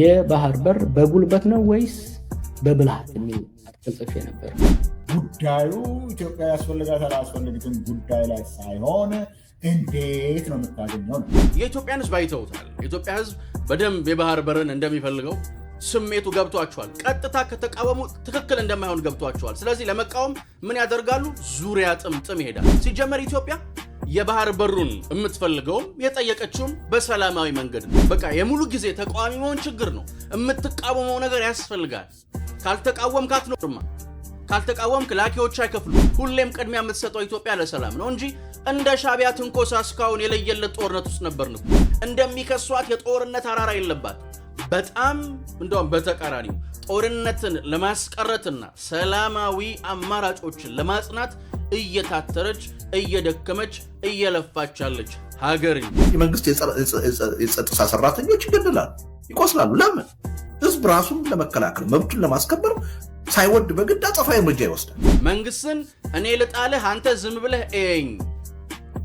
የባህር በር በጉልበት ነው ወይስ በብልሃት የሚል ጽፌ ነበር። ጉዳዩ ኢትዮጵያ ያስፈልጋታል አያስፈልግትም ጉዳይ ላይ ሳይሆን እንዴት ነው የምታገኘው ነው። የኢትዮጵያን ህዝብ አይተውታል። የኢትዮጵያ ህዝብ በደንብ የባህር በርን እንደሚፈልገው ስሜቱ ገብቷቸዋል። ቀጥታ ከተቃወሙ ትክክል እንደማይሆን ገብቷቸዋል። ስለዚህ ለመቃወም ምን ያደርጋሉ? ዙሪያ ጥምጥም ይሄዳል። ሲጀመር ኢትዮጵያ የባህር በሩን የምትፈልገውም የጠየቀችውም በሰላማዊ መንገድ ነው። በቃ የሙሉ ጊዜ ተቃዋሚ መሆን ችግር ነው። የምትቃወመው ነገር ያስፈልጋል። ካልተቃወምካት ነው ማ ካልተቃወምክ ላኪዎች አይከፍሉ። ሁሌም ቅድሚያ የምትሰጠው ኢትዮጵያ ለሰላም ነው እንጂ እንደ ሻቢያ ትንኮሳ እስካሁን የለየለት ጦርነት ውስጥ ነበርን። እንደሚከሷት የጦርነት አራራ የለባት። በጣም እንደውም በተቃራኒው ጦርነትን ለማስቀረትና ሰላማዊ አማራጮችን ለማጽናት እየታተረች እየደከመች እየለፋች ያለች ሀገር የመንግስት የጸጥታ ሰራተኞች ይገደላሉ፣ ይቆስላሉ። ለምን? ህዝብ ራሱን ለመከላከል መብቱን ለማስከበር ሳይወድ በግድ አጸፋ እርምጃ ይወስዳል። መንግስትን እኔ ልጣልህ አንተ ዝም ብለህ እየኝ፣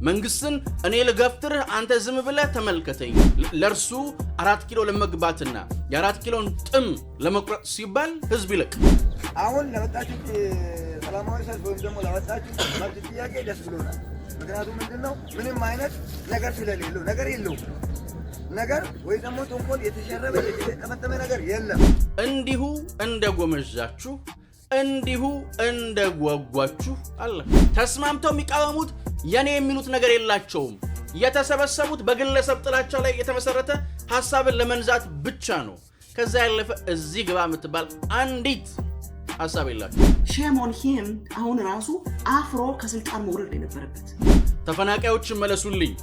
መንግስትን እኔ ልገፍትርህ አንተ ዝም ብለህ ተመልከተኝ። ለእርሱ አራት ኪሎ ለመግባትና የአራት ኪሎን ጥም ለመቁረጥ ሲባል ህዝብ ይለቅ አሁን ሰላማዊ ሰልፍ ወይም ደግሞ ላወጣችሁ መብት ጥያቄ ደስ ብሎናል። ምክንያቱም ምንድን ነው ምንም አይነት ነገር ስለሌለው ነገር የለውም ነገር ወይ ደግሞ ተንኮል የተሸረበ የተጠመጠመ ነገር የለም። እንዲሁ እንደ ጎመዣችሁ እንዲሁ እንደ ጓጓችሁ አለ። ተስማምተው የሚቃወሙት የኔ የሚሉት ነገር የላቸውም። የተሰበሰቡት በግለሰብ ጥላቻ ላይ የተመሰረተ ሀሳብን ለመንዛት ብቻ ነው። ከዛ ያለፈ እዚህ ግባ የምትባል አንዲት ሀሳብ የላቸው። ሼም ኦን ሂም። አሁን ራሱ አፍሮ ከስልጣን መውረድ የነበረበት ተፈናቃዮች መለሱልኝ፣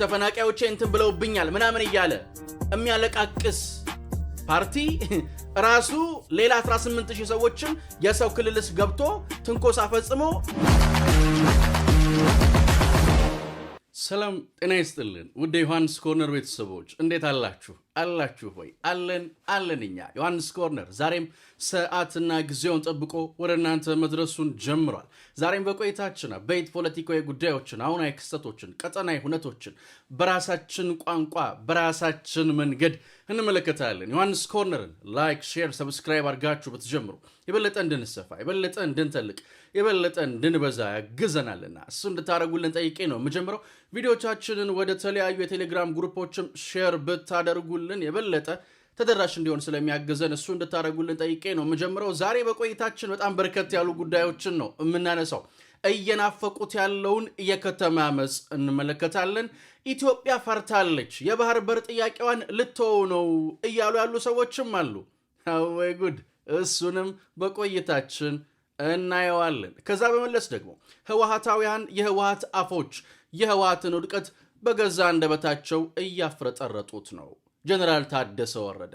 ተፈናቃዮቼ እንትን ብለውብኛል ምናምን እያለ የሚያለቃቅስ ፓርቲ ራሱ ሌላ 18 ሺህ ሰዎችን የሰው ክልልስ ገብቶ ትንኮሳ ፈጽሞ ሰላም ጤና ይስጥልን። ውድ ዮሐንስ ኮርነር ቤተሰቦች እንዴት አላችሁ? አላችሁ ወይ? አለን አለን። እኛ ዮሐንስ ኮርነር ዛሬም ሰዓትና ጊዜውን ጠብቆ ወደ እናንተ መድረሱን ጀምሯል። ዛሬም በቆይታችን አበይት ፖለቲካዊ ጉዳዮችን፣ አሁናዊ ክስተቶችን፣ ቀጠናዊ ሁነቶችን በራሳችን ቋንቋ በራሳችን መንገድ እንመለከታለን። ዮሐንስ ኮርነርን ላይክ፣ ሼር፣ ሰብስክራይብ አድርጋችሁ ብትጀምሩ የበለጠ እንድንሰፋ የበለጠ እንድንተልቅ የበለጠ እንድንበዛ ያግዘናልና እሱ እንድታደረጉልን ጠይቄ ነው የምጀምረው። ቪዲዮቻችንን ወደ ተለያዩ የቴሌግራም ግሩፖችም ሼር ብታደርጉ እንድታደርጉልን የበለጠ ተደራሽ እንዲሆን ስለሚያግዘን እሱ እንድታደርጉልን ጠይቄ ነው የምጀምረው። ዛሬ በቆይታችን በጣም በርከት ያሉ ጉዳዮችን ነው የምናነሳው። እየናፈቁት ያለውን የከተማ አመፅ እንመለከታለን። ኢትዮጵያ ፈርታለች፣ የባህር በር ጥያቄዋን ልትወው ነው እያሉ ያሉ ሰዎችም አሉ። ወይ ጉድ! እሱንም በቆይታችን እናየዋለን። ከዛ በመለስ ደግሞ ህወሀታውያን የህወሀት አፎች የህወሀትን ውድቀት በገዛ አንደበታቸው እያፍረጠረጡት ነው ጀነራል ታደሰ ወረደ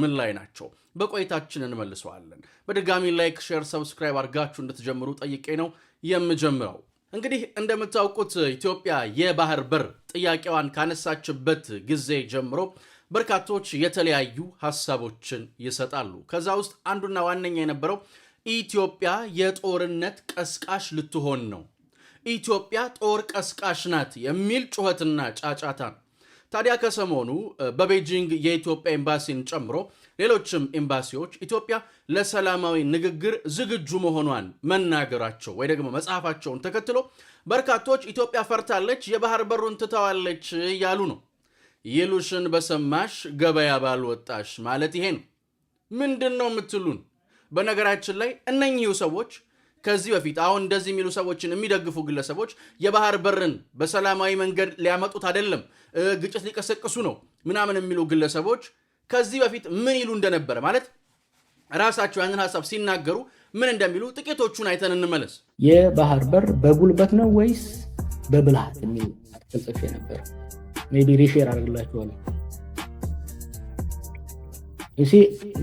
ምን ላይ ናቸው? በቆይታችን እንመልሰዋለን። በድጋሚ ላይክ፣ ሼር፣ ሰብስክራይብ አድርጋችሁ እንድትጀምሩ ጠይቄ ነው የምጀምረው። እንግዲህ እንደምታውቁት ኢትዮጵያ የባህር በር ጥያቄዋን ካነሳችበት ጊዜ ጀምሮ በርካቶች የተለያዩ ሀሳቦችን ይሰጣሉ። ከዛ ውስጥ አንዱና ዋነኛ የነበረው ኢትዮጵያ የጦርነት ቀስቃሽ ልትሆን ነው፣ ኢትዮጵያ ጦር ቀስቃሽ ናት የሚል ጩኸትና ጫጫታ ነው። ታዲያ ከሰሞኑ በቤጂንግ የኢትዮጵያ ኤምባሲን ጨምሮ ሌሎችም ኤምባሲዎች ኢትዮጵያ ለሰላማዊ ንግግር ዝግጁ መሆኗን መናገራቸው ወይ ደግሞ መጽሐፋቸውን ተከትሎ በርካቶች ኢትዮጵያ ፈርታለች፣ የባህር በሩን ትተዋለች እያሉ ነው። ይሉሽን በሰማሽ ገበያ ባልወጣሽ ማለት ይሄ ነው። ምንድን ነው የምትሉን? በነገራችን ላይ እነኚሁ ሰዎች ከዚህ በፊት አሁን እንደዚህ የሚሉ ሰዎችን የሚደግፉ ግለሰቦች የባህር በርን በሰላማዊ መንገድ ሊያመጡት አይደለም ግጭት ሊቀሰቅሱ ነው ምናምን የሚሉ ግለሰቦች ከዚህ በፊት ምን ይሉ እንደነበረ ማለት ራሳቸው ያንን ሀሳብ ሲናገሩ ምን እንደሚሉ ጥቂቶቹን አይተን እንመለስ። የባህር በር በጉልበት ነው ወይስ በብልሃት የሚል አርቲክል ጽፌ ነበር። ሜይ ቢ ሪሼር አድርግላችኋለሁ። ይሲ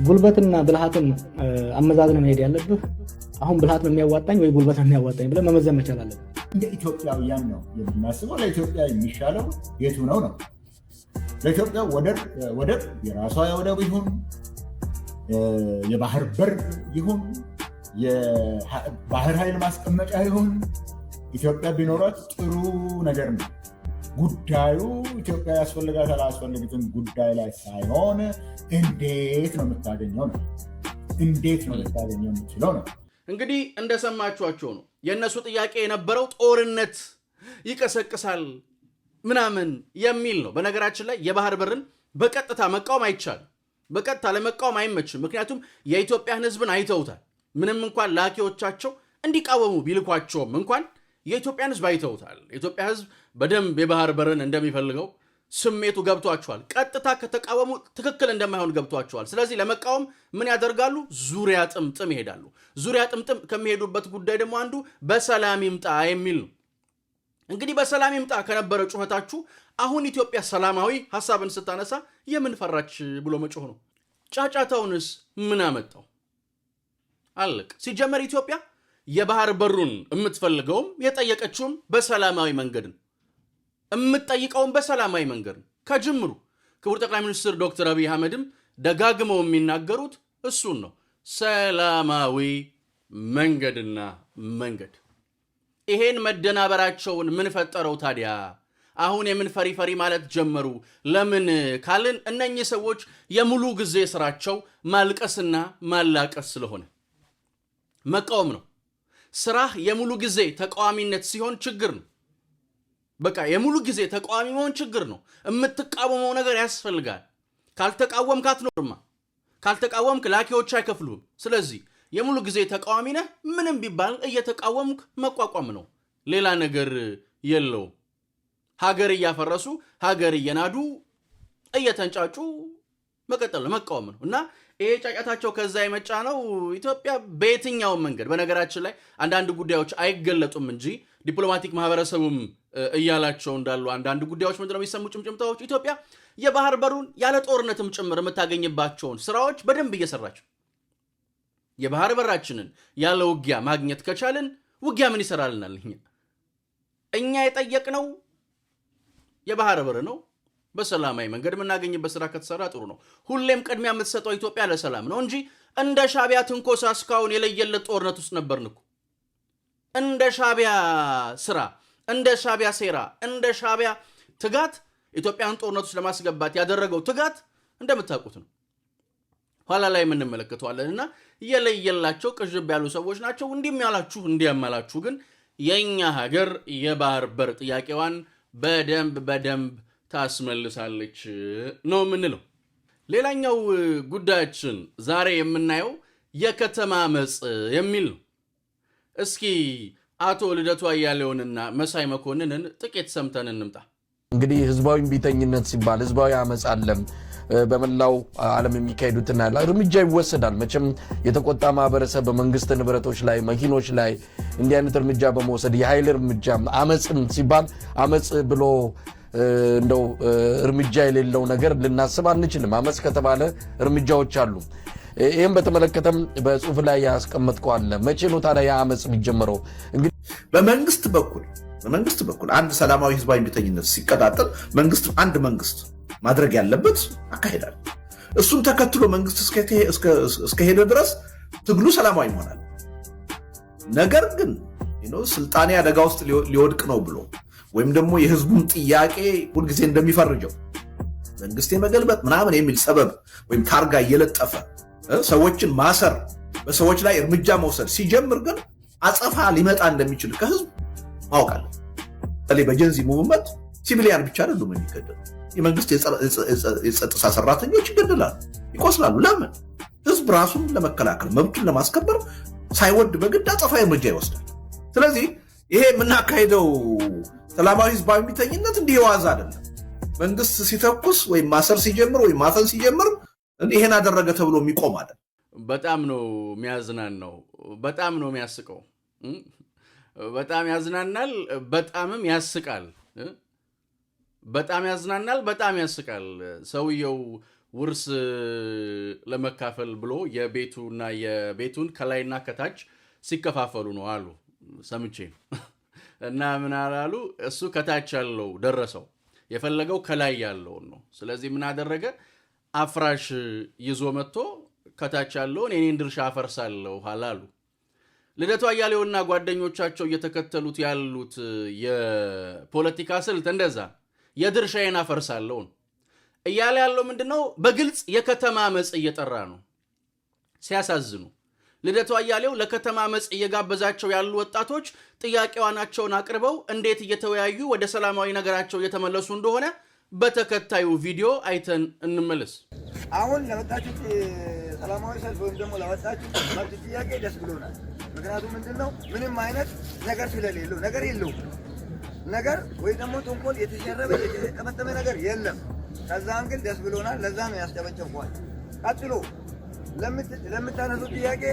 ጉልበትና ብልሃትን አመዛዝነህ መሄድ ያለብህ አሁን ብልሃት ነው የሚያዋጣኝ ወይ ጉልበት ነው የሚያዋጣኝ ብለህ መመዘን መቻል አለብህ። እንደ ኢትዮጵያውያን ነው የምናስበው። ለኢትዮጵያ የሚሻለው የቱ ነው ነው ለኢትዮጵያ ወደብ የራሷ ወደብ ይሁን የባህር በር ይሁን የባህር ኃይል ማስቀመጫ ይሁን ኢትዮጵያ ቢኖራት ጥሩ ነገር ነው። ጉዳዩ ኢትዮጵያ ያስፈልጋት አያስፈልግትም ጉዳይ ላይ ሳይሆን እንዴት ነው የምታገኘው ነው። እንዴት ነው የምታገኘው የምችለው ነው። እንግዲህ እንደሰማችኋቸው ነው። የእነሱ ጥያቄ የነበረው ጦርነት ይቀሰቅሳል ምናምን የሚል ነው። በነገራችን ላይ የባህር በርን በቀጥታ መቃወም አይቻልም። በቀጥታ ለመቃወም አይመችም። ምክንያቱም የኢትዮጵያን ሕዝብን አይተውታል። ምንም እንኳን ላኪዎቻቸው እንዲቃወሙ ቢልኳቸውም እንኳን የኢትዮጵያን ሕዝብ አይተውታል። የኢትዮጵያ ሕዝብ በደንብ የባህር በርን እንደሚፈልገው ስሜቱ ገብቷቸዋል። ቀጥታ ከተቃወሙ ትክክል እንደማይሆን ገብቷቸዋል። ስለዚህ ለመቃወም ምን ያደርጋሉ? ዙሪያ ጥምጥም ይሄዳሉ። ዙሪያ ጥምጥም ከሚሄዱበት ጉዳይ ደግሞ አንዱ በሰላም ይምጣ የሚል ነው። እንግዲህ በሰላም ይምጣ ከነበረ ጩኸታችሁ አሁን ኢትዮጵያ ሰላማዊ ሀሳብን ስታነሳ የምን ፈራች ብሎ መጮህ ነው። ጫጫታውንስ ምን አመጣው? አለቅ ሲጀመር ኢትዮጵያ የባህር በሩን የምትፈልገውም የጠየቀችውም በሰላማዊ መንገድ ነው። የምትጠይቀውን በሰላማዊ መንገድ ነው ከጅምሩ። ክቡር ጠቅላይ ሚኒስትር ዶክተር አብይ አህመድም ደጋግመው የሚናገሩት እሱን ነው፣ ሰላማዊ መንገድና መንገድ። ይሄን መደናበራቸውን ምን ፈጠረው ታዲያ? አሁን የምን ፈሪ ፈሪ ማለት ጀመሩ? ለምን ካልን እነኚህ ሰዎች የሙሉ ጊዜ ስራቸው ማልቀስና ማላቀስ ስለሆነ መቃወም ነው። ስራህ የሙሉ ጊዜ ተቃዋሚነት ሲሆን ችግር ነው። በቃ የሙሉ ጊዜ ተቃዋሚ መሆን ችግር ነው። የምትቃወመው ነገር ያስፈልጋል። ካልተቃወምክ አትኖርማ። ካልተቃወምክ ላኪዎች አይከፍሉም። ስለዚህ የሙሉ ጊዜ ተቃዋሚ ነህ። ምንም ቢባል እየተቃወምክ መቋቋም ነው። ሌላ ነገር የለውም። ሀገር እያፈረሱ ሀገር እየናዱ እየተንጫጩ መቀጠል መቃወም ነው እና ይሄ ጫጫታቸው ከዛ የመጫ ነው። ኢትዮጵያ በየትኛውም መንገድ በነገራችን ላይ አንዳንድ ጉዳዮች አይገለጡም እንጂ ዲፕሎማቲክ ማህበረሰቡም እያላቸው እንዳሉ አንዳንድ ጉዳዮች ምንድነው የሚሰሙ ጭምጭምታዎች ኢትዮጵያ የባህር በሩን ያለ ጦርነትም ጭምር የምታገኝባቸውን ስራዎች በደንብ እየሰራች የባህር በራችንን ያለ ውጊያ ማግኘት ከቻልን ውጊያ ምን ይሰራልናል? እኛ የጠየቅነው የባህር በር ነው። በሰላማዊ መንገድ የምናገኝበት ስራ ከተሰራ ጥሩ ነው። ሁሌም ቅድሚያ የምትሰጠው ኢትዮጵያ ለሰላም ነው እንጂ እንደ ሻቢያ ትንኮሳ እስካሁን የለየለት ጦርነት ውስጥ ነበርን እኮ እንደ ሻቢያ ስራ እንደ ሻቢያ ሴራ፣ እንደ ሻቢያ ትጋት ኢትዮጵያን ጦርነት ውስጥ ለማስገባት ያደረገው ትጋት እንደምታውቁት ነው። ኋላ ላይ የምንመለከተዋለን እና እየለየላቸው ቅዥብ ያሉ ሰዎች ናቸው። እንዲህም ያላችሁ እንዲያመላችሁ ግን የእኛ ሀገር የባህር በር ጥያቄዋን በደንብ በደንብ ታስመልሳለች ነው የምንለው። ሌላኛው ጉዳያችን ዛሬ የምናየው የከተማ መጽ የሚል ነው። እስኪ አቶ ልደቱ አያሌውንና መሳይ መኮንንን ጥቂት ሰምተን እንምጣ። እንግዲህ ህዝባዊ ቢተኝነት ሲባል ህዝባዊ አመፅ አለም በመላው ዓለም የሚካሄዱትና እርምጃ ይወሰዳል። መቼም የተቆጣ ማህበረሰብ በመንግስት ንብረቶች ላይ መኪኖች ላይ እንዲህ አይነት እርምጃ በመውሰድ የኃይል እርምጃ አመፅም ሲባል አመፅ ብሎ እንደው እርምጃ የሌለው ነገር ልናስብ አንችልም። አመፅ ከተባለ እርምጃዎች አሉ። ይህም በተመለከተም በጽሁፍ ላይ ያስቀምጥቋለ። መቼ ነው ታዲያ የአመፅ የሚጀምረው? እንግዲህ በመንግስት በኩል በመንግስት በኩል አንድ ሰላማዊ ህዝባዊ እምቢተኝነት ሲቀጣጠል መንግስት አንድ መንግስት ማድረግ ያለበት አካሄዳል። እሱን ተከትሎ መንግስት እስከሄደ ድረስ ትግሉ ሰላማዊ ይሆናል። ነገር ግን ስልጣኔ አደጋ ውስጥ ሊወድቅ ነው ብሎ ወይም ደግሞ የህዝቡን ጥያቄ ሁልጊዜ እንደሚፈርጀው መንግስት የመገልበጥ ምናምን የሚል ሰበብ ወይም ታርጋ እየለጠፈ ሰዎችን ማሰር፣ በሰዎች ላይ እርምጃ መውሰድ ሲጀምር ግን አጸፋ ሊመጣ እንደሚችል ከህዝብ ማወቅ በተለይ በጀንዚ ሙቭመንት ሲቪሊያን ብቻ አይደሉም የሚገደሉ የመንግስት የጸጥታ ሰራተኞች ይገደላሉ፣ ይቆስላሉ። ለምን? ህዝብ ራሱን ለመከላከል መብቱን ለማስከበር ሳይወድ በግድ አፀፋ እርምጃ ይወስዳል። ስለዚህ ይሄ የምናካሄደው ሰላማዊ ህዝባዊ ቢተኝነት እንዲህ የዋዛ አይደለም። መንግስት ሲተኩስ ወይም ማሰር ሲጀምር ወይም ማፈን ሲጀምር ይሄን አደረገ ተብሎ የሚቆም አለ። በጣም ነው የሚያዝናን ነው። በጣም ነው የሚያስቀው። በጣም ያዝናናል፣ በጣምም ያስቃል። በጣም ያዝናናል፣ በጣም ያስቃል። ሰውየው ውርስ ለመካፈል ብሎ የቤቱና የቤቱን ከላይና ከታች ሲከፋፈሉ ነው አሉ ሰምቼ እና ምን አላሉ እሱ ከታች ያለው ደረሰው፣ የፈለገው ከላይ ያለውን ነው። ስለዚህ ምን አደረገ? አፍራሽ ይዞ መጥቶ ከታች ያለውን የኔን ድርሻ አፈርሳለሁ አሉ። ልደቱ አያሌውና ጓደኞቻቸው እየተከተሉት ያሉት የፖለቲካ ስልት እንደዛ የድርሻዬን አፈርሳለሁ ነው እያለ ያለው ምንድን ነው? በግልጽ የከተማ መጽ እየጠራ ነው። ሲያሳዝኑ ልደቱ አያሌው ለከተማ መጽ እየጋበዛቸው ያሉ ወጣቶች ጥያቄዋናቸውን አቅርበው እንዴት እየተወያዩ ወደ ሰላማዊ ነገራቸው እየተመለሱ እንደሆነ በተከታዩ ቪዲዮ አይተን እንመለስ። አሁን ለመጣችሁ ሰላማዊ ሰልፍ ወይም ደግሞ ለወጣችሁት መብት ጥያቄ ደስ ብሎናል። ምክንያቱም ምንድን ነው ምንም አይነት ነገር ስለሌለው ነገር የለው ነገር ወይ ደግሞ ተንኮል የተሸረበ የተጠመጠመ ነገር የለም። ከዛም ግን ደስ ብሎናል። ለዛ ነው ያስጨበጨቧል። ቀጥሎ ለምታነሱ ጥያቄ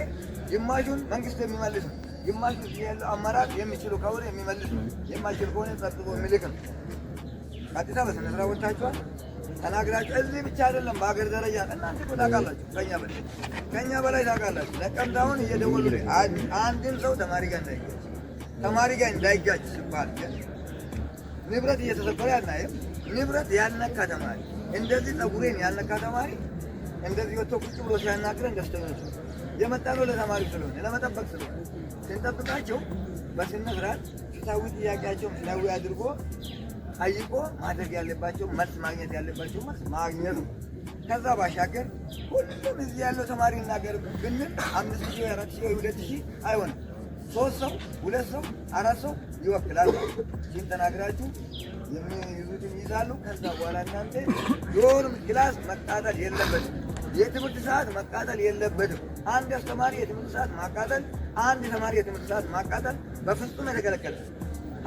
ግማሹን መንግስት የሚመልስ ነው፣ ግማሹ ያለው አመራር የሚችሉ ከሆነ የሚመልስ ነው፣ የማይችል ከሆነ ጸጥቶ የሚልክ ነው። ቀጥታ በስነ ስራ ወጥታችኋል ተናግራችሁ እዚህ ብቻ አይደለም፣ በሀገር ደረጃ እናንተ ታውቃላችሁ፣ ከኛ በላይ ከኛ በላይ ታውቃላችሁ። ነቀምት እየደወሉ አንድም ሰው ተማሪ ጋር እንዳይጋጭ ተማሪ ጋር እንዳይጋጭ ሲባል ንብረት እየተሰበረ ያናየም ንብረት ያልነካ ተማሪ እንደዚህ ጸጉሬን ያልነካ ተማሪ እንደዚህ ወጥቶ ቁጭ ብሎ ሲያናግረን ደስተኞች የመጣ ነው ለተማሪ ስለሆነ ለመጠበቅ ስለሆነ ስንጠብቃቸው በስነ ስርዓት ፍትሐዊ ጥያቄያቸውን ፍትሐዊ አድርጎ ጠይቆ ማድረግ ያለባቸው መልስ ማግኘት ያለባቸው መልስ ማግኘት ነው። ከዛ ባሻገር ሁሉም እዚህ ያለው ተማሪ እናገር ብንል አምስት ሺህ አራት ሺህ ወይ ሁለት ሺህ አይሆንም። ሶስት ሰው ሁለት ሰው አራት ሰው ይወክላል። ይህን ተናግራችሁ የሚይዙትን ይይዛሉ። ከዛ በኋላ እናንተ ዶርም ክላስ መቃጠል የለበትም። የትምህርት ሰዓት መቃጠል የለበትም። አንድ አስተማሪ የትምህርት ሰዓት ማቃጠል፣ አንድ ተማሪ የትምህርት ሰዓት ማቃጠል በፍጹም የተከለከለ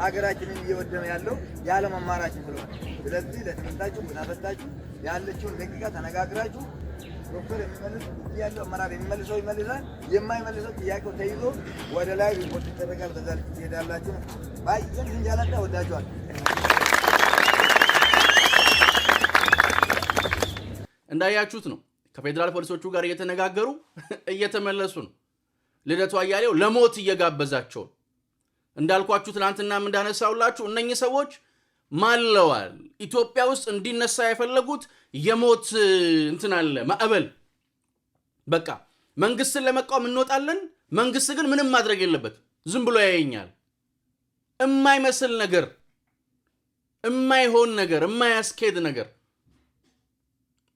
ሀገራችንን እየወደመ ያለው የዓለም አማራጭም ስለሆነ፣ ስለዚህ ለትምህርታችሁ ምናፈታችሁ ያለችውን ደቂቃ ተነጋግራችሁ ዶክተር የሚመልስ ያለው አመራር የሚመልሰው ይመልሳል፣ የማይመልሰው ጥያቄው ተይዞ ወደ ላይ ሪፖርት ይደረጋል። በዛ ልክ ትሄዳላችሁ። ባየን እንጃላዳ ወዳችኋል። እንዳያችሁት ነው። ከፌዴራል ፖሊሶቹ ጋር እየተነጋገሩ እየተመለሱ ነው። ልደቱ አያሌው ለሞት እየጋበዛቸው ነው። እንዳልኳችሁ ትናንትናም እንዳነሳውላችሁ እነኚህ ሰዎች ማለዋል። ኢትዮጵያ ውስጥ እንዲነሳ የፈለጉት የሞት እንትን አለ ማዕበል። በቃ መንግስትን ለመቃወም እንወጣለን። መንግስት ግን ምንም ማድረግ የለበት ዝም ብሎ ያየኛል። እማይመስል ነገር፣ እማይሆን ነገር፣ እማያስኬድ ነገር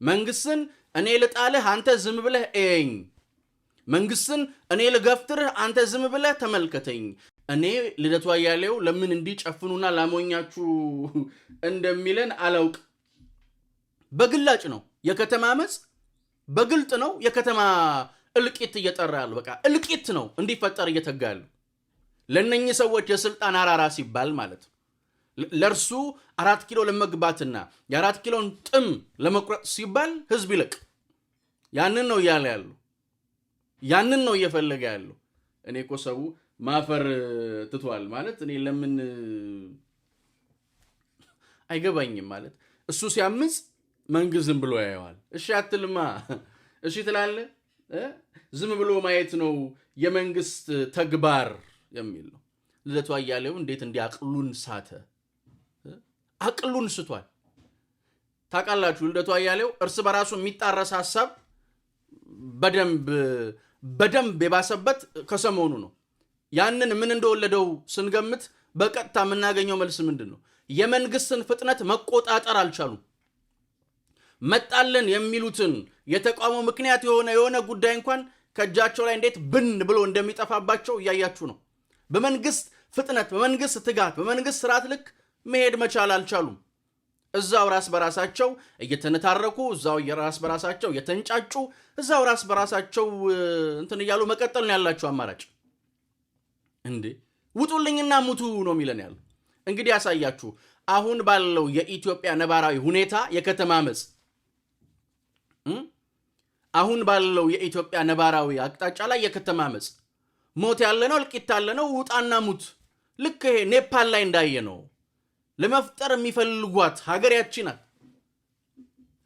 መንግስትን እኔ ልጣልህ አንተ ዝም ብለህ እየኝ። መንግስትን እኔ ልገፍትርህ አንተ ዝም ብለህ ተመልከተኝ። እኔ ልደቱ አያሌው ለምን እንዲጨፍኑና ላሞኛችሁ እንደሚለን አላውቅ። በግላጭ ነው የከተማ አመፅ፣ በግልጥ ነው የከተማ እልቂት እየጠራ ያሉ። በቃ እልቂት ነው እንዲፈጠር እየተጋ ያሉ ለእነኚህ ሰዎች የስልጣን አራራ ሲባል ማለት ነው። ለእርሱ አራት ኪሎ ለመግባትና የአራት ኪሎን ጥም ለመቁረጥ ሲባል ህዝብ ይለቅ። ያንን ነው እያለ ያሉ፣ ያንን ነው እየፈለገ ያሉ። እኔ እኮ ሰው ማፈር ትቷል ማለት እኔ ለምን አይገባኝም። ማለት እሱ ሲያምፅ መንግስት ዝም ብሎ ያየዋል። እሺ አትልማ፣ እሺ ትላለ። ዝም ብሎ ማየት ነው የመንግስት ተግባር የሚል ነው። ልደቱ አያሌው እንዴት እንዲህ አቅሉን ሳተ? አቅሉን ስቷል። ታውቃላችሁ፣ ልደቱ አያሌው እርስ በራሱ የሚጣረስ ሀሳብ በደንብ በደንብ የባሰበት ከሰሞኑ ነው። ያንን ምን እንደወለደው ስንገምት በቀጥታ የምናገኘው መልስ ምንድን ነው? የመንግስትን ፍጥነት መቆጣጠር አልቻሉም። መጣልን የሚሉትን የተቃውሞ ምክንያት የሆነ የሆነ ጉዳይ እንኳን ከእጃቸው ላይ እንዴት ብን ብሎ እንደሚጠፋባቸው እያያችሁ ነው። በመንግስት ፍጥነት፣ በመንግስት ትጋት፣ በመንግስት ስርዓት ልክ መሄድ መቻል አልቻሉም። እዛው ራስ በራሳቸው እየተነታረኩ እዛው ራስ በራሳቸው እየተንጫጩ እዛው ራስ በራሳቸው እንትን እያሉ መቀጠል ነው ያላቸው አማራጭ። እንዴ ውጡልኝና ሙቱ ነው የሚለን ያሉ። እንግዲህ ያሳያችሁ አሁን ባለው የኢትዮጵያ ነባራዊ ሁኔታ የከተማ መጽ አሁን ባለው የኢትዮጵያ ነባራዊ አቅጣጫ ላይ የከተማ መጽ ሞት ያለ ነው፣ እልቂት ያለ ነው። ውጣና ሙት። ልክ ይሄ ኔፓል ላይ እንዳየ ነው ለመፍጠር የሚፈልጓት ሀገር ያቺ ናት።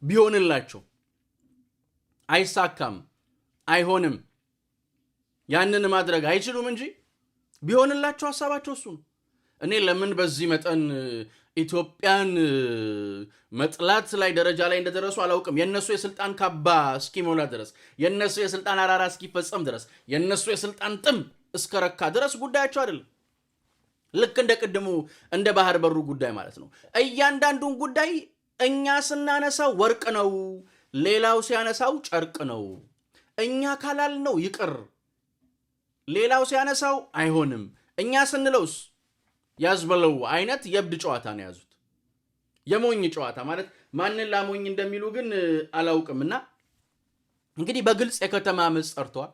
ቢሆንላቸው አይሳካም፣ አይሆንም። ያንን ማድረግ አይችሉም እንጂ ቢሆንላቸው ሀሳባቸው እሱ ነው። እኔ ለምን በዚህ መጠን ኢትዮጵያን መጥላት ላይ ደረጃ ላይ እንደደረሱ አላውቅም። የእነሱ የስልጣን ካባ እስኪሞላ ድረስ፣ የእነሱ የስልጣን አራራ እስኪፈጸም ድረስ፣ የእነሱ የስልጣን ጥም እስከረካ ድረስ ጉዳያቸው አይደለም። ልክ እንደ ቅድሙ እንደ ባህር በሩ ጉዳይ ማለት ነው። እያንዳንዱን ጉዳይ እኛ ስናነሳው ወርቅ ነው፣ ሌላው ሲያነሳው ጨርቅ ነው። እኛ ካላል ነው ይቅር ሌላው ሲያነሳው አይሆንም እኛ ስንለውስ ያዝበለው አይነት የእብድ ጨዋታ ነው ያዙት የሞኝ ጨዋታ ማለት ማንን ላሞኝ እንደሚሉ ግን አላውቅም። እና እንግዲህ በግልጽ የከተማ ምጽ ጠርቷል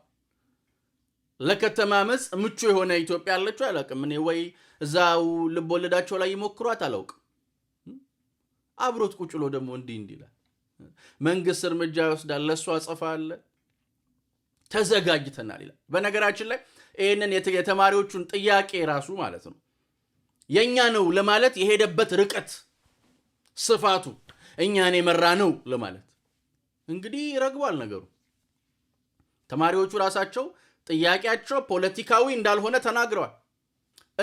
ለከተማ ምጽ ምቹ የሆነ ኢትዮጵያ አለችው አላውቅም እኔ ወይ እዛው ልብ ወለዳቸው ላይ ይሞክሯት አላውቅም። አብሮት ቁጭሎ ደግሞ እንዲህ እንዲላል መንግስት እርምጃ ይወስዳል፣ ለእሱ አጸፋ አለ ተዘጋጅተናል ይላል። በነገራችን ላይ ይህንን የተማሪዎቹን ጥያቄ ራሱ ማለት ነው የእኛ ነው ለማለት የሄደበት ርቀት ስፋቱ እኛን የመራ ነው ለማለት እንግዲህ ይረግባል ነገሩ። ተማሪዎቹ ራሳቸው ጥያቄያቸው ፖለቲካዊ እንዳልሆነ ተናግረዋል።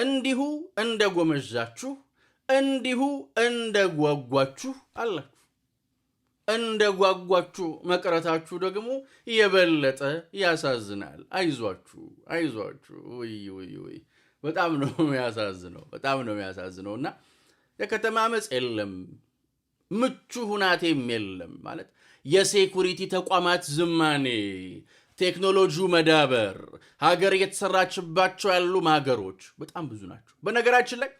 እንዲሁ እንደጎመዣችሁ፣ እንዲሁ እንደጓጓችሁ አላችሁ። እንደ ጓጓችሁ መቅረታችሁ ደግሞ የበለጠ ያሳዝናል። አይዟችሁ አይዟችሁ። ውይ ውይ ውይ! በጣም ነው የሚያሳዝነው፣ በጣም ነው የሚያሳዝነው። እና የከተማ አመፅ የለም፣ ምቹ ሁናቴም የለም ማለት የሴኩሪቲ ተቋማት ዝማኔ፣ ቴክኖሎጂው መዳበር፣ ሀገር እየተሰራችባቸው ያሉ ማገሮች በጣም ብዙ ናቸው በነገራችን ላይ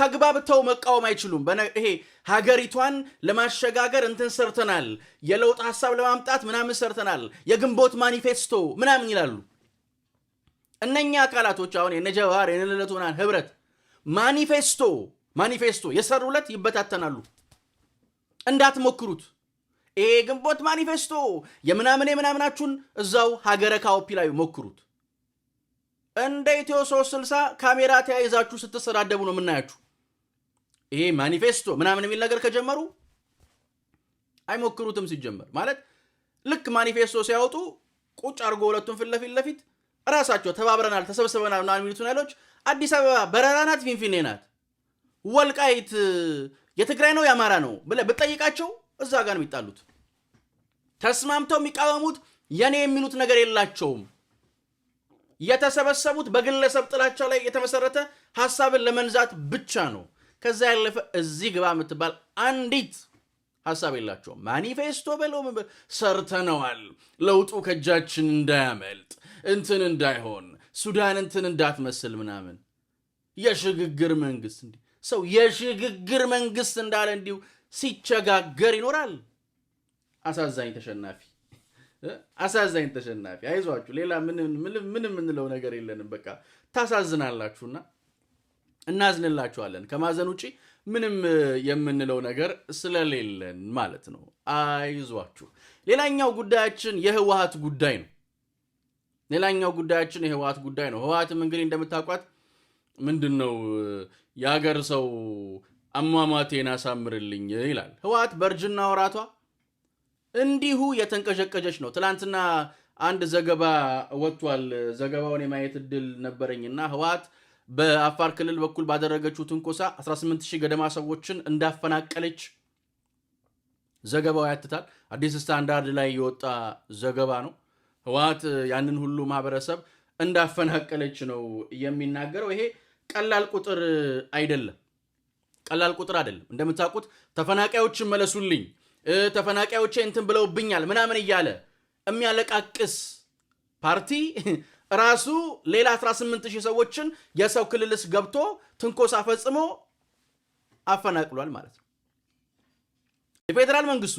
ተግባብተው መቃወም አይችሉም። ይሄ ሀገሪቷን ለማሸጋገር እንትን ሰርተናል፣ የለውጥ ሀሳብ ለማምጣት ምናምን ሰርተናል፣ የግንቦት ማኒፌስቶ ምናምን ይላሉ። እነኛ አካላቶች አሁን የነ ጀዋር ህብረት ማኒፌስቶ ማኒፌስቶ የሰሩለት ይበታተናሉ። እንዳትሞክሩት። ይሄ ግንቦት ማኒፌስቶ የምናምን የምናምናችሁን እዛው ሀገረ ካውፒ ላይ ሞክሩት። እንደ ኢትዮ 360 ካሜራ ተያይዛችሁ ስትሰዳደቡ ነው የምናያችሁ። ይሄ ማኒፌስቶ ምናምን የሚል ነገር ከጀመሩ አይሞክሩትም። ሲጀመር ማለት ልክ ማኒፌስቶ ሲያወጡ ቁጭ አድርጎ ሁለቱን ፊት ለፊት ለፊት እራሳቸው ተባብረናል፣ ተሰብስበናል ምናምን የሚሉትን ኃይሎች አዲስ አበባ በረራ ናት፣ ፊንፊኔ ናት፣ ወልቃይት የትግራይ ነው የአማራ ነው ብለህ ብጠይቃቸው እዛ ጋር ነው የሚጣሉት። ተስማምተው የሚቃወሙት የኔ የሚሉት ነገር የላቸውም። የተሰበሰቡት በግለሰብ ጥላቻ ላይ የተመሰረተ ሀሳብን ለመንዛት ብቻ ነው። ከዛ ያለፈ እዚህ ግባ የምትባል አንዲት ሀሳብ የላቸውም። ማኒፌስቶ በለው ሰርተነዋል፣ ለውጡ ከእጃችን እንዳያመልጥ እንትን እንዳይሆን ሱዳን እንትን እንዳትመስል ምናምን የሽግግር መንግስት እንዲ ሰው የሽግግር መንግስት እንዳለ እንዲሁ ሲቸጋገር ይኖራል። አሳዛኝ ተሸናፊ አሳዛኝ ተሸናፊ። አይዟችሁ፣ ሌላ ምን የምንለው ነገር የለንም። በቃ ታሳዝናላችሁና እናዝንላችኋለን። ከማዘን ውጪ ምንም የምንለው ነገር ስለሌለን ማለት ነው። አይዟችሁ። ሌላኛው ጉዳያችን የህወሀት ጉዳይ ነው። ሌላኛው ጉዳያችን የህወሀት ጉዳይ ነው። ህወሀትም እንግዲህ እንደምታውቋት ምንድን ነው የአገር ሰው አሟሟቴን አሳምርልኝ ይላል። ህወሀት በእርጅና ወራቷ እንዲሁ የተንቀዠቀዠች ነው። ትላንትና አንድ ዘገባ ወጥቷል። ዘገባውን የማየት እድል ነበረኝና ህወሀት በአፋር ክልል በኩል ባደረገችው ትንኮሳ 18000 ገደማ ሰዎችን እንዳፈናቀለች ዘገባው ያትታል። አዲስ ስታንዳርድ ላይ የወጣ ዘገባ ነው። ህወሓት ያንን ሁሉ ማህበረሰብ እንዳፈናቀለች ነው የሚናገረው። ይሄ ቀላል ቁጥር አይደለም፣ ቀላል ቁጥር አይደለም። እንደምታውቁት ተፈናቃዮችን መለሱልኝ፣ ተፈናቃዮቼ እንትን ብለውብኛል ምናምን እያለ የሚያለቃቅስ ፓርቲ ራሱ ሌላ 18 ሺህ ሰዎችን የሰው ክልልስ ገብቶ ትንኮሳ ፈጽሞ አፈናቅሏል ማለት ነው። የፌዴራል መንግስቱ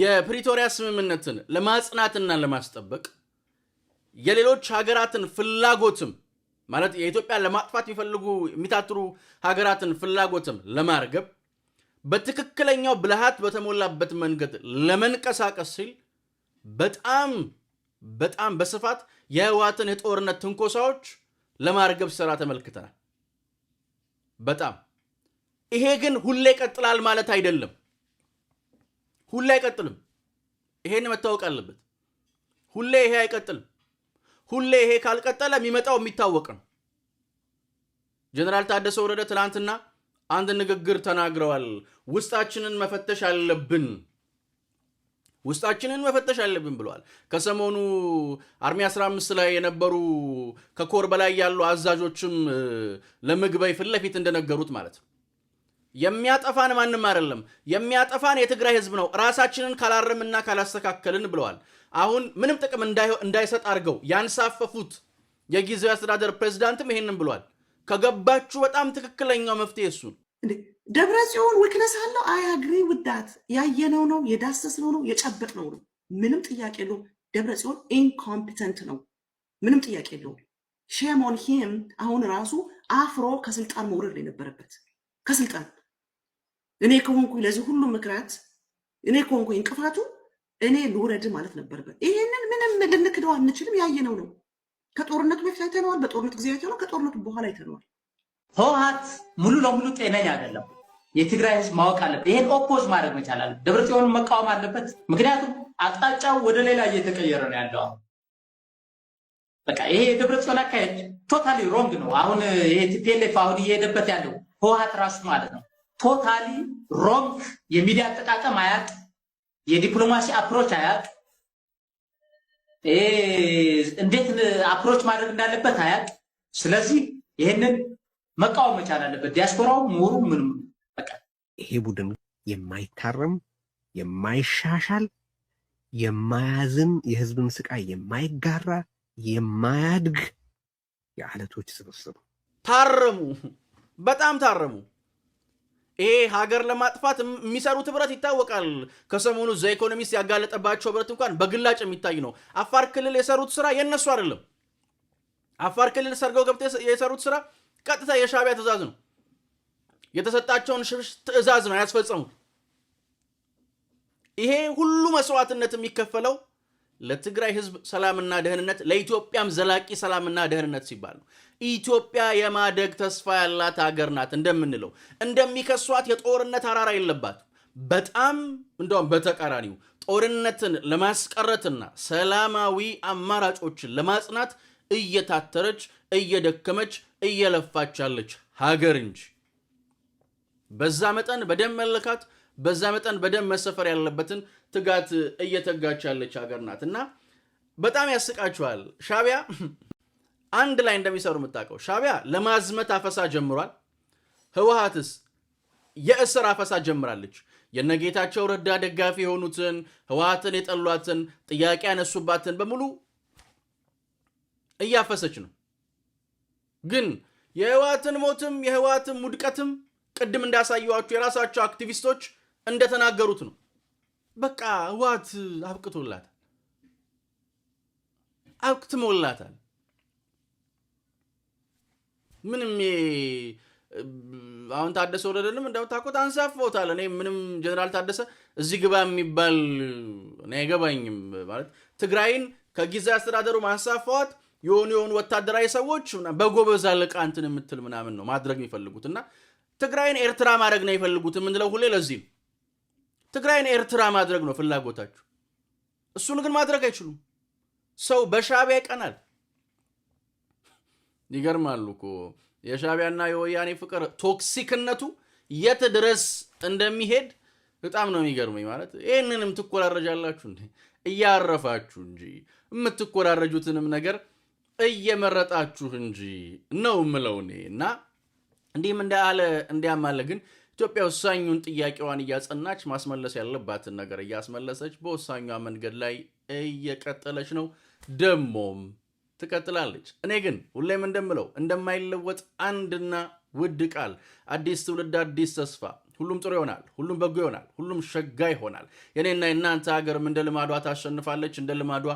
የፕሪቶሪያ ስምምነትን ለማጽናትና ለማስጠበቅ የሌሎች ሀገራትን ፍላጎትም ማለት የኢትዮጵያ ለማጥፋት የሚፈልጉ የሚታትሩ ሀገራትን ፍላጎትም ለማርገብ በትክክለኛው ብልሃት በተሞላበት መንገድ ለመንቀሳቀስ ሲል በጣም በጣም በስፋት የህወሓትን የጦርነት ትንኮሳዎች ለማርገብ ስራ ተመልክተናል። በጣም ይሄ ግን ሁሌ ይቀጥላል ማለት አይደለም። ሁሌ አይቀጥልም። ይሄን መታወቅ አለበት። ሁሌ ይሄ አይቀጥልም። ሁሌ ይሄ ካልቀጠለ የሚመጣው የሚታወቅ ነው። ጀነራል ታደሰ ወረደ ትናንትና አንድ ንግግር ተናግረዋል። ውስጣችንን መፈተሽ አለብን ውስጣችንን መፈተሽ አለብን ብለዋል። ከሰሞኑ አርሚ 15 ላይ የነበሩ ከኮር በላይ ያሉ አዛዦችም ለምግበይ ፊት ለፊት እንደነገሩት ማለት ነው የሚያጠፋን ማንም አይደለም፣ የሚያጠፋን የትግራይ ህዝብ ነው ራሳችንን ካላረምና ካላስተካከልን ብለዋል። አሁን ምንም ጥቅም እንዳይሰጥ አድርገው ያንሳፈፉት የጊዜያዊ አስተዳደር ፕሬዚዳንትም ይሄንን ብሏል። ከገባችሁ በጣም ትክክለኛው መፍትሄ እሱን ደብረ ጽዮን ዊክነስ አለው። አይ አግሪ ውዳት ያየነው ነው የዳሰስነው ነው የጨበጥነው ነው። ምንም ጥያቄ የለውም። ደብረ ጽዮን ኢንኮምፒተንት ነው። ምንም ጥያቄ የለውም። ሼም ኦን ሂም። አሁን ራሱ አፍሮ ከስልጣን መውረድ ነው የነበረበት። ከስልጣን እኔ ከሆንኩ ለዚህ ሁሉ ምክንያት እኔ ከሆንኩ እንቅፋቱ እኔ ልውረድ ማለት ነበረበት። ይህንን ምንም ልንክደው አንችልም። ያየነው ነው። ከጦርነቱ በፊት አይተነዋል። በጦርነቱ ጊዜ አይተነዋል። ከጦርነቱ በኋላ አይተነዋል። ህወሓት ሙሉ ለሙሉ ጤነኛ አይደለም። የትግራይ ህዝብ ማወቅ አለበት። ይሄን ኦፖዝ ማድረግ መቻል አለበት። ደብረ ጽዮን መቃወም አለበት። ምክንያቱም አቅጣጫው ወደ ሌላ እየተቀየረ ነው ያለው። በቃ ይሄ የደብረ ጽዮን አካሄድ ቶታሊ ሮንግ ነው። አሁን ይሄ ቲፒኤልኤፍ አሁን እየሄደበት ያለው ህወሀት ራሱ ማለት ነው ቶታሊ ሮንግ የሚዲያ አጠቃቀም አያቅ፣ የዲፕሎማሲ አፕሮች አያቅ፣ እንዴት አፕሮች ማድረግ እንዳለበት አያቅ። ስለዚህ ይህንን መቃወም መቻል አለበት። ዲያስፖራው ምሁሩ ምንም ይሄ ቡድን የማይታረም የማይሻሻል የማያዝን የህዝብን ስቃይ የማይጋራ የማያድግ የአለቶች ስብስብ። ታረሙ፣ በጣም ታረሙ። ይሄ ሀገር ለማጥፋት የሚሰሩት ህብረት ይታወቃል። ከሰሞኑ ዘ ኢኮኖሚስት ያጋለጠባቸው ህብረት እንኳን በግላጭ የሚታይ ነው። አፋር ክልል የሰሩት ስራ የእነሱ አይደለም። አፋር ክልል ሰርገው ገብተው የሰሩት ስራ ቀጥታ የሻቢያ ትእዛዝ ነው። የተሰጣቸውን ሽብሽ ትእዛዝ ነው ያስፈጸሙት። ይሄ ሁሉ መስዋዕትነት የሚከፈለው ለትግራይ ህዝብ ሰላምና ደህንነት፣ ለኢትዮጵያም ዘላቂ ሰላምና ደህንነት ሲባል ነው። ኢትዮጵያ የማደግ ተስፋ ያላት ሀገር ናት። እንደምንለው እንደሚከሷት የጦርነት አራራ የለባት። በጣም እንደውም በተቃራኒው ጦርነትን ለማስቀረትና ሰላማዊ አማራጮችን ለማጽናት እየታተረች እየደከመች እየለፋች ያለች ሀገር እንጂ በዛ መጠን በደም መለካት በዛ መጠን በደም መሰፈር ያለበትን ትጋት እየተጋች ያለች ሀገር ናት እና በጣም ያስቃችኋል። ሻቢያ አንድ ላይ እንደሚሰሩ የምታውቀው ሻቢያ ለማዝመት አፈሳ ጀምሯል። ህወሀትስ የእስር አፈሳ ጀምራለች። የነጌታቸው ረዳ ደጋፊ የሆኑትን ህወሀትን የጠሏትን ጥያቄ ያነሱባትን በሙሉ እያፈሰች ነው። ግን የህወሀትን ሞትም የህወሓትን ውድቀትም ቅድም እንዳሳየዋችሁ የራሳቸው አክቲቪስቶች እንደተናገሩት ነው። በቃ ህወሓት አብቅቶላታል፣ አብቅትሞላታል። ምንም አሁን ታደሰ ወረደንም እንደምታውቁት አንሳፎታል። እኔ ምንም ጀነራል ታደሰ እዚህ ግባ የሚባል እኔ አይገባኝም። ማለት ትግራይን ከጊዜ አስተዳደሩ ማንሳፋዋት የሆኑ የሆኑ ወታደራዊ ሰዎች በጎበዝ አለቃ እንትን የምትል ምናምን ነው ማድረግ የሚፈልጉት እና ትግራይን ኤርትራ ማድረግ ነው የፈልጉት የምንለው ሁሌ ለዚህ ነው። ትግራይን ኤርትራ ማድረግ ነው ፍላጎታችሁ። እሱን ግን ማድረግ አይችሉም። ሰው በሻቢያ ይቀናል። ይገርማሉ እኮ የሻቢያና የወያኔ ፍቅር ቶክሲክነቱ የት ድረስ እንደሚሄድ በጣም ነው የሚገርመኝ። ማለት ይህንን የምትኮራረጃላችሁ እንዴ? እያረፋችሁ እንጂ የምትኮራረጁትንም ነገር እየመረጣችሁ እንጂ ነው ምለው እኔ እና እንዲህም እንዳለ እንዲያማለ ግን ኢትዮጵያ ወሳኙን ጥያቄዋን እያጸናች ማስመለስ ያለባትን ነገር እያስመለሰች በወሳኟ መንገድ ላይ እየቀጠለች ነው፣ ደሞም ትቀጥላለች። እኔ ግን ሁሌም እንደምለው እንደማይለወጥ አንድና ውድ ቃል አዲስ ትውልድ አዲስ ተስፋ ሁሉም ጥሩ ይሆናል። ሁሉም በጎ ይሆናል። ሁሉም ሸጋ ይሆናል። የኔና የእናንተ ሀገርም እንደ ልማዷ ታሸንፋለች። እንደ ልማዷ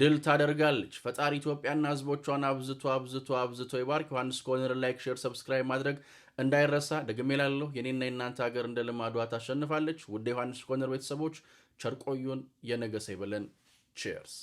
ድል ታደርጋለች። ፈጣሪ ኢትዮጵያና ህዝቦቿን አብዝቶ አብዝቶ አብዝቶ ይባርክ። ዮሐንስ ኮርነር ላይክ፣ ሼር፣ ሰብስክራይብ ማድረግ እንዳይረሳ። ደግሜ ላለሁ የኔና የእናንተ ሀገር እንደ ልማዷ ታሸንፋለች። ውድ ዮሐንስ ኮርነር ቤተሰቦች ቸርቆዩን የነገሰ ይበለን። ቼርስ